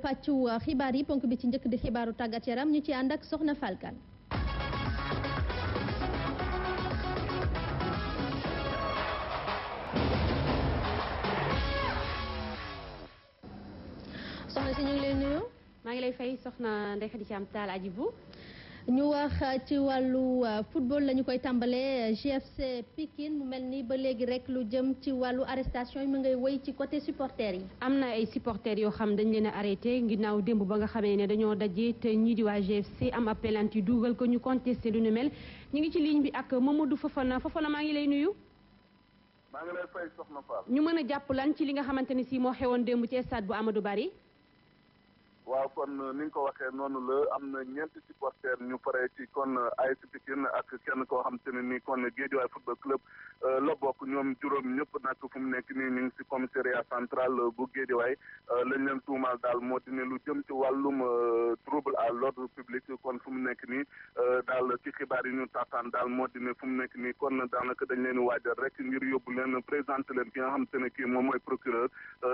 Pacu xibaar uh, yi ponk bi ci ñëk di xibaaru tagat yaram ñu ci ànd ak soxna Falkan soxna ci ñu ngi lay nuyu ma ngi lay fay soxna ci am Thiam aji bu ñu wax ci wàllu euh, football la ñu koy tàmbalee GFC Pikine mu mel nii ba léegi rek lu jëm ci wàllu arrestation yi mu ngay woy ci côté supporters yi. am na ay supporters yoo xam dañ leen a arrêté ginnaaw démb ba nga xamee ne dañoo dajee te ñii di waa GFC am appellant yi dugal ko ñu contesté lu nu mel ñu ngi ci ligne bi ak Mamadou Fofana Fofana maa ngi lay nuyu. maa ngi lay fay soxna ñu mën a jàpp lan ci li nga xamante ni si moo xewoon démb ci stade bu ama du bari waaw kon euh, ni nga ko waxee noonu la am na ñeenti supporters ñu pare ci kon euh, ay Pikine ak kenn koo xam te ne nii kon Guédiawaye football club euh, la bokk ñoom juróom ñëpp nakk fu mu nekk nii ñu ngi si commissariat central bu Guédiawaye lañ leen tuumaal daal moo di lu jëm ci wàllum trouble à l'ordre public kon fu mu nekk nii daal ci xibaar yi ñu taataan daal moo di fu mu nekk nii kon daanaka dañ leen waajal rek ngir yóbbu leen présenté leen ki xam te ne kii moom mooy procureur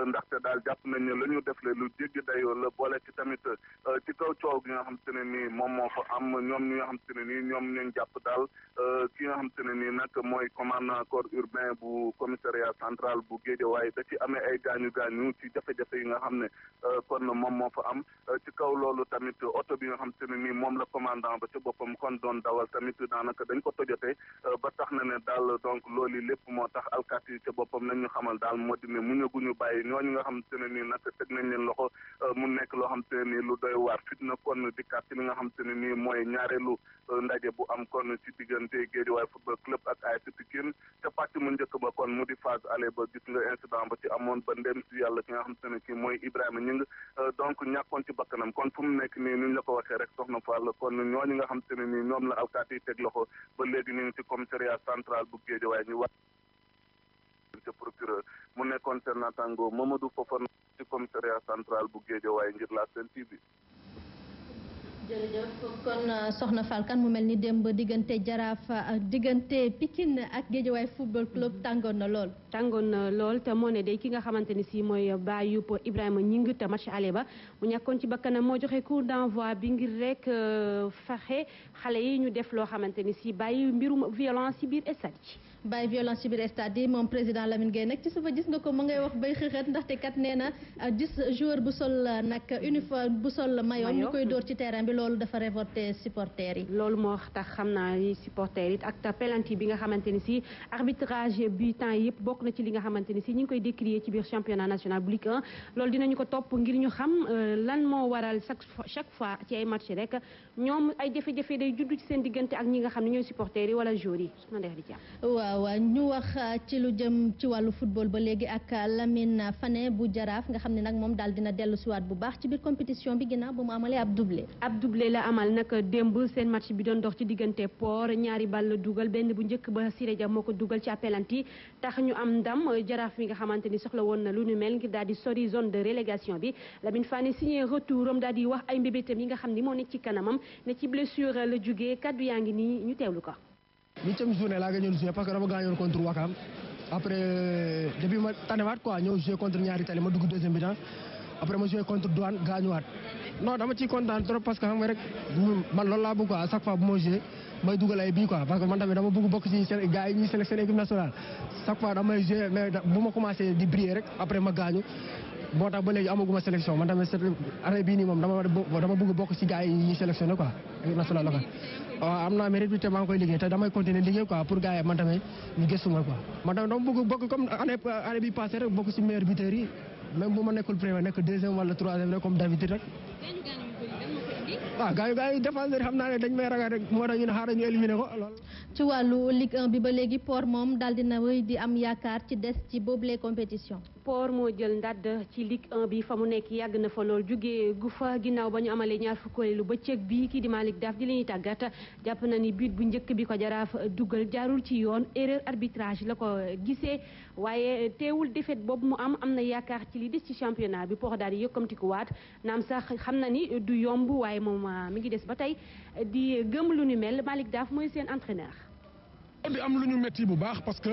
ndaxte daal jàpp nañ ne la ñu def le lu jéggi dayoo la boole ci tamit euh, ci kaw coow gi nga xam te ne nii moom moo fa am ñoom ñi nga xam te ne nii ñoom ñooñ jàpp daal euh, ki nga xam te ne nii nag mooy commandant corps urbain bu commissariat central bu Guédiawaye da ci amee ay gaañu gaañu ci jafe yi nga xam ne euh, kon moom moo fa am ci kaw loolu tamit oto bi nga xam te ne moom la commandant ba ci boppam kon doon dawal tamit daanaka dañ ko tojote ba tax na ne daal donc loolu lépp moo tax alkaat yi boppam nañ ñu xamal daal moo di ne mu ñëguñu bàyyi ñooñu nga xam te ne nii nag teg nañ leen loxo mu nekk loxo xam te ne nii lu doy waar fitna kon dikkaat ci li nga xam te ne nii mooy ñaareelu euh, ndaje bu am kon ci diggante Guédiawaye football club ak AS Pikine ca pàcc mu njëkk ba kon mu di phase aller ba gis nga incident ba ci amoon ba ndem si yàlla ki nga xam te ne kii mooy Ibrahima Ñing euh, donc ñàkkoon ci bakkanam kon fu mu nekk nii ni ñu la ko waxee rek soxna Fall kon ñooñu nga xam te ne nii ñoom la alkaati yi teg loxo ba léegi ñu ngi ci commissariat central bu Guédiawaye ñu wax mu nekkoon seen naataango Mamadou Fofana ci commissariat central bu Guédiawaye ngir la Sen TV. soxna Falkan mu mel ni démb diggante jaraaf euh, diggante Pikine ak Guédiawaye football club tàngoon na lool. tàngoon na lool te moo ne de ki nga xamante ni si mooy bàyyi po Ibrahima Ñing te match aller ba mu ñàkkoon ci bakkanam moo joxe coup d'envoi bi ngir rek euh, fexe xale yi ñu def loo xamante ni si bàyyi mbirum violence ci biir stade. bay violence ci biir stade yi moom président Lamine Gueye nag ci suba gis nga ko mu ngay wax bay xëxët ndaxte kat nee na euh, gis joueur bu sol euh, nag uniforme bu sol mayo ñu koy door ci terrain bi loolu dafa révolté supporter yi loolu moo tax xam naa ni supporters yi ak penalty bi nga xamante ni si arbitrage bi temps yëpp bokk na ci li nga xamante ni si ñu ngi koy décrier ci biir championnat national bu Ligue 1 loolu dinañu ko topp ngir ñu xam euh, lan moo waral chaque fois ci ay match rek ñoom ay jafe-jafe day judd ci seen diggante ak ñi nga xam ne ñooy supporters yi wala joueurs yi su ma deex di ci am waaw ñu wax uh, ci lu jëm ci wàllu football ba léegi ak Lamine Fane bu jaraaf nga xam ne nag moom daal dina dellu siwaat bu baax ci biir compétition bi gina bu mu amalee ab doublé ab doublé la amal nag démb seen match bi doon dox ci diggante port ñaari bal la dugal benn bu njëkk ba Siré Dia moo ko dugal ci appelanti tax ñu am ndam jaraaf mi nga xamante ni soxla woon na lu nu mel ngir daal di sori zone de relégation bi Lamine Fane signé retour am daal di wax ay mbébétam yi nga xam ni moo nekk ci kanamam ne ci blessure jógee kaddu yaa ngi nii ñu teewlu ko huitième journée laa gëjoon joué parce que dama gaañoon contre Wakam après depuis ma tanewaat quoi ñëw joué contre ñaari tali ma dugg deuxième mi-temps après ma joué contre douane gagne wat non dama ci content trop parce que xam nga rek man lool la bëgg quoi à chaque fois bu ma joué may dugal ay bi quoi parce que man tamit dama bëgg bokk ci seen gars yi ñuy sélectionné équipe nationale chaque fois damay joué mais bu ma commencé di briller rek après ma gagne moo tax ba légui amaguma sélection man tamit arrêt bi ni mom dama dama bëgg bokk ci gars yi ñuy sélectionné quoi équipe nationale la waaw am naa mérite bi te maa ngi koy liggéey te damay continuer liggéey quoi pour gars yi man tamit ñu gëstu ma quoi man tamit dama bëgg bokk comme année année bi passé rek bokk ci meilleur buteur yi même bu ma nekkul premier nekk deuxième wala troisième rek comme david rek. waaw gaañu gaañu défenseur xam naa ne dañ may ragal rek moo tax ñu ne xaaral ñu éliminer ko ci wàllu Ligue 1 bi ba léegi Port moom daal dina wéy di am yaakaar ci des ci boobule compétition. Port mo jël ndad ci Ligue 1 bi famu nek nekk na fa lool jugee gufa ginnaw bañu ba ñaar amalee ñaar fukkeelu bi ki di malik daf di leen tagat japp na ni but bu njëkk bi ko jaraaf duggal jaarul ci yoon erreur arbitrage la ko gisee waaye teewul défaite boobu mu am amna yaakar ci li des ci championnat bi Port daal di yëkkamti ko waat naam sax xam ni du yomb waaye mom ah, mi ngi dess batay di gëm lu ñu mel malik daf moy seen entraîneur. di am lu ñu metti bu baax parce que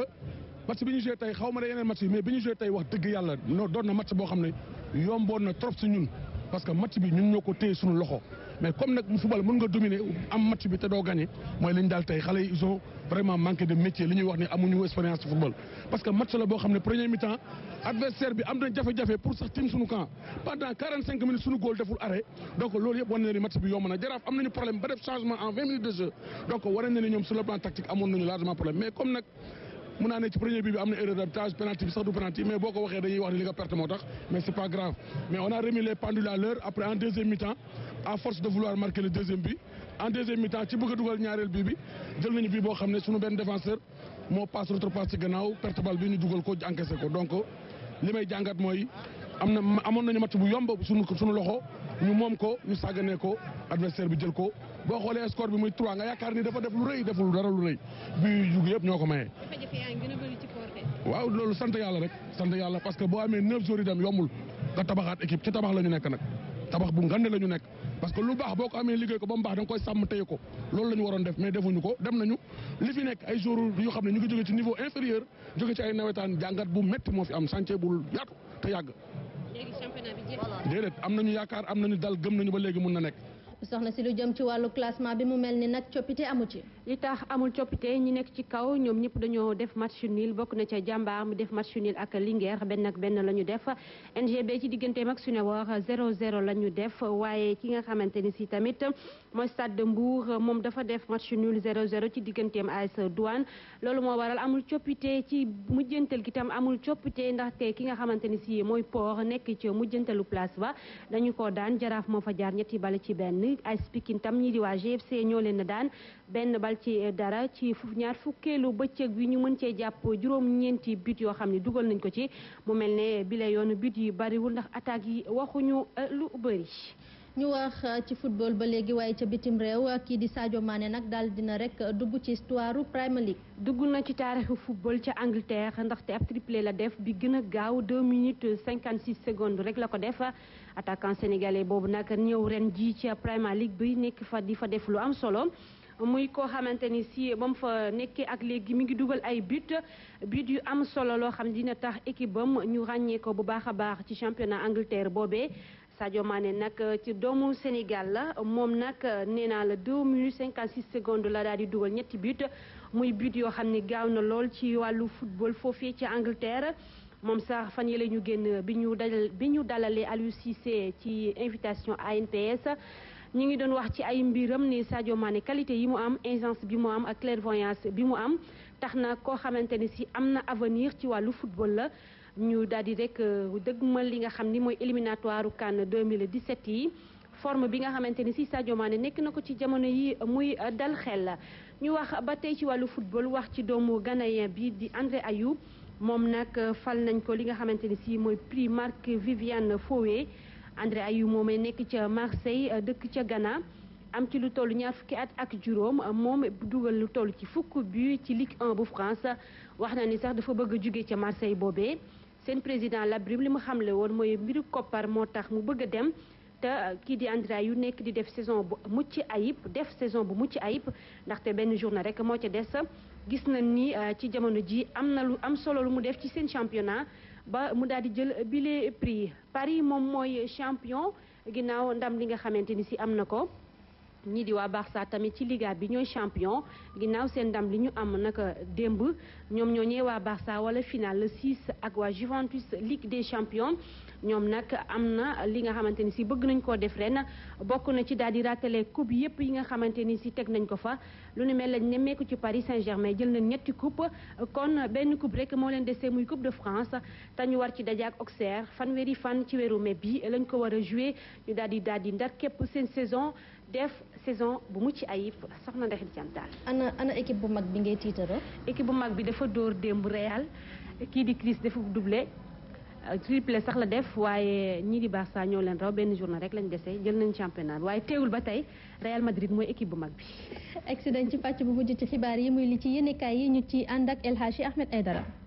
match bi ñu joué tey xaw ma ne match yi mais bi ñu joué tey wax dëgg yàlla no doon na match boo xam ne yomboon na trop si ñun parce que match bi ñun ñoo ko téye suñu loxo mais comme nag football mën nga dominer am match bi te doo gagné mooy li ñu daal tey ils ont vraiment manqué de métier li ñuy wax ne amuñu expérience ci football. parce que match la boo xam ne mi-temps adversaire bi am na jafé jafe pour sax tim suñu camp pendant 45 minutes suñu góol deful arrêt donc loolu yëpp wane na ni match bi yomb na jaraaf am nañu problème ba def changement en 20 minutes de jeu donc wane na ni ñoom sur le plan tactique amoon nañu largement problème mais comme nag mun naa ne ci premier but bi am na erreur d'arbitrage penalty bi sax du penalty mais boo ko waxee dañuy wax ni li nga perte moo tax mais c'est pas grave mais on a remis les pendules à l'heure après en deuxième mi-temps à force de vouloir marquer le deuxième but en deuxième mi-temps ci bëgg a dugal ñaareel bii bi jël nañu bi boo xam ne suñu benn défenseur moo passe retropasse ci gannaaw perte balle bi ñu dugal ko encaissé ko donc li may jàngat mooy am na amoon nañu match bu yomb suñu suñu loxo ñu moom ko ñu sàgganee ko adversaire bi jël ko boo xoolee score bi muy 3 nga yaakaar ni dafa def lu rëy deful dara lu rëy bi jug yëpp ñoo ko maye. waaw loolu sant yàlla rek sant yàlla parce que boo amee 9 jours itam yombul nga tabaxaat équipe ci tabax la ñu nekk nag tabax bu ngande la ñu nekk. parce que lu baax boo ko amee liggéey ko ba mu baax da nga koy sàmm téye ko loolu la ñu waroon def mais defuñu ko dem nañu li fi nekk ay jours yoo xam ne ñu ngi jóge ci niveau inférieur jóge ci ay nawetaan jàngat bu métti moo fi am chantier bu yaatu te yàgg. léegi championnat bi na. ñu yaakaar am na ñu dal gëm nañu ba léegi mun na nekk. soxna si lu jëm ci wàllu classement bi mu mel ni nag coppite amu ci. li tax amul coppite ñu nekk ci kaw ñoom ñëpp dañoo def match nul bokk na ca jàmbaar mu def match nul ak Linguère benn ak benn la ñu def ngb ci digganteem ak Sunewor 0-0 la ñu def waaye ki nga xamante ni si tamit mooy Stade de Mbour moom dafa def match nul 0-0 ci digganteem AS duwaan loolu moo waral amul coppite ci mujjantal gi tam amul coppite ndaxte ki nga xamante ni si mooy Port nekk ci mujjantalu place ba dañu ko daan jaraaf moo fa jaar ñetti bal ci benn AS Pikine tam ñi di waa GFC leen daan ci dara ci ñaar fukkeelu bëccëg bi ñu mën cee jàpp juróom-ñeenti but yoo xam ne dugal nañ ko ci mu mel ne bile yoonu but yi bariwul ndax attaque yi waxuñu euh, lu bëri. ñu wax euh, ci football ba léegi waaye ca bitim réew euh, kii di Sadio Mané nag daal dina rek dugg ci histoire Premier League. dugg na ci taarixu football ca Angleterre ndaxte ab triplé la def bi gën a gaaw 2 minutes 56 secondes rek la ko def attaquant sénégalais boobu nag ñëw ren ji ca Premier League nekk fa di fa def lu am solo. muy ko xamanteni si bam fa nekkee ak léegi mi ngi dugal ay but but yu am solo lo xam dina tax équipe bam ñu ragné ko bu baaxa baax ci championnat Angleterre Bobé, Sadio Mané nak, euh, ci doomu Sénégal la mom nak euh, nee la 2 minutes 56 secondes la daal di dugal ñetti but muy but yo xamni gaaw na lol ci walu football fofé ci Angleterre mom sax fan yële ñu génn bi ñu dal bi Aliou Cissé ci invitation ANPS. ñu ngi doon wax ci ay mbiram ni Sadio Mané qualité yi mu am aisance bi mu am ak clairvoyance bi mu am tax na koo xamante ne si am na avenir ci wàllu football la ñu daal di rek euh, dëgmal li nga xam ni mooy éliminatoire CAN 2017 yi forme bi nga xamante ne si Sadio Mané nekk na ko ci jamono yi muy dal xel ñu wax ba tey ci wàllu football wax ci doomu ghanéen bi di André Ayew moom nag euh, fal nañ ko li nga xamante ni si mooy prix Marc Viviane Foé André Ayew moomee nekk ca Marseille euh, dëkk ca Ghana am ci lu toll ñaar fukki at ak juróom euh, moom dugal lu toll ci fukk bu ci Ligue 1 bu France wax na ni sax dafa bëgg a jóge ca Marseille boobee seen président Labrime li mu xamle woon mooy mbiru koppar moo tax mu bëgg a dem te euh, kii di André Ayew nekk di def saison bu mucc ayib def saison bu mucc ayib ndaxte benn journée rek moo ca des gis nañ ni ci jamono ji am na lu am solo lu mu def ci seen championnat ba mu daal di jël bile prix Paris moom mooy champion ginnaaw ndam li nga xamante ni si am na ko ñii di wa Barça tamit ci Liga bi ñoy champion ginnaw seen ndam li ñu am nak demb ñom ñoo Barça wala final le 6 ak wa Juventus Ligue des champions ñom nak amna li nga xamanteni si bëgg nañ ko def ren bokku na ci daal di coupe yépp yi nga xamanteni si nañ ko fa lu mel lañ ci Paris Saint-Germain jël na ñetti coupe kon benn coupe rek mo leen déssé muy coupe de France ta ñu war ci dajaak Auxerre fanweeri fan ci weeru mai bi lañ ko wara jouer ñu daal di daal di ndar képp seen saison def saison bu mucc ayib soxna Ndeye Diantaal. ana ana équipe bu mag bi ngay tiitaroo. équipe bu mag bi dafa dóor démb Real kii di Chris dafa doublé triplé sax la def waaye ñii di Barça ñoo leen raw benn journée rek lañu desee jël nañ championnat waaye teewul ba tey Real Madrid mooy équipe bu mag bi. accident ci pàcc bu mujj ci xibaar yi muy li ci yéenekaay yi ñu ci ànd ak El Hadji ay dara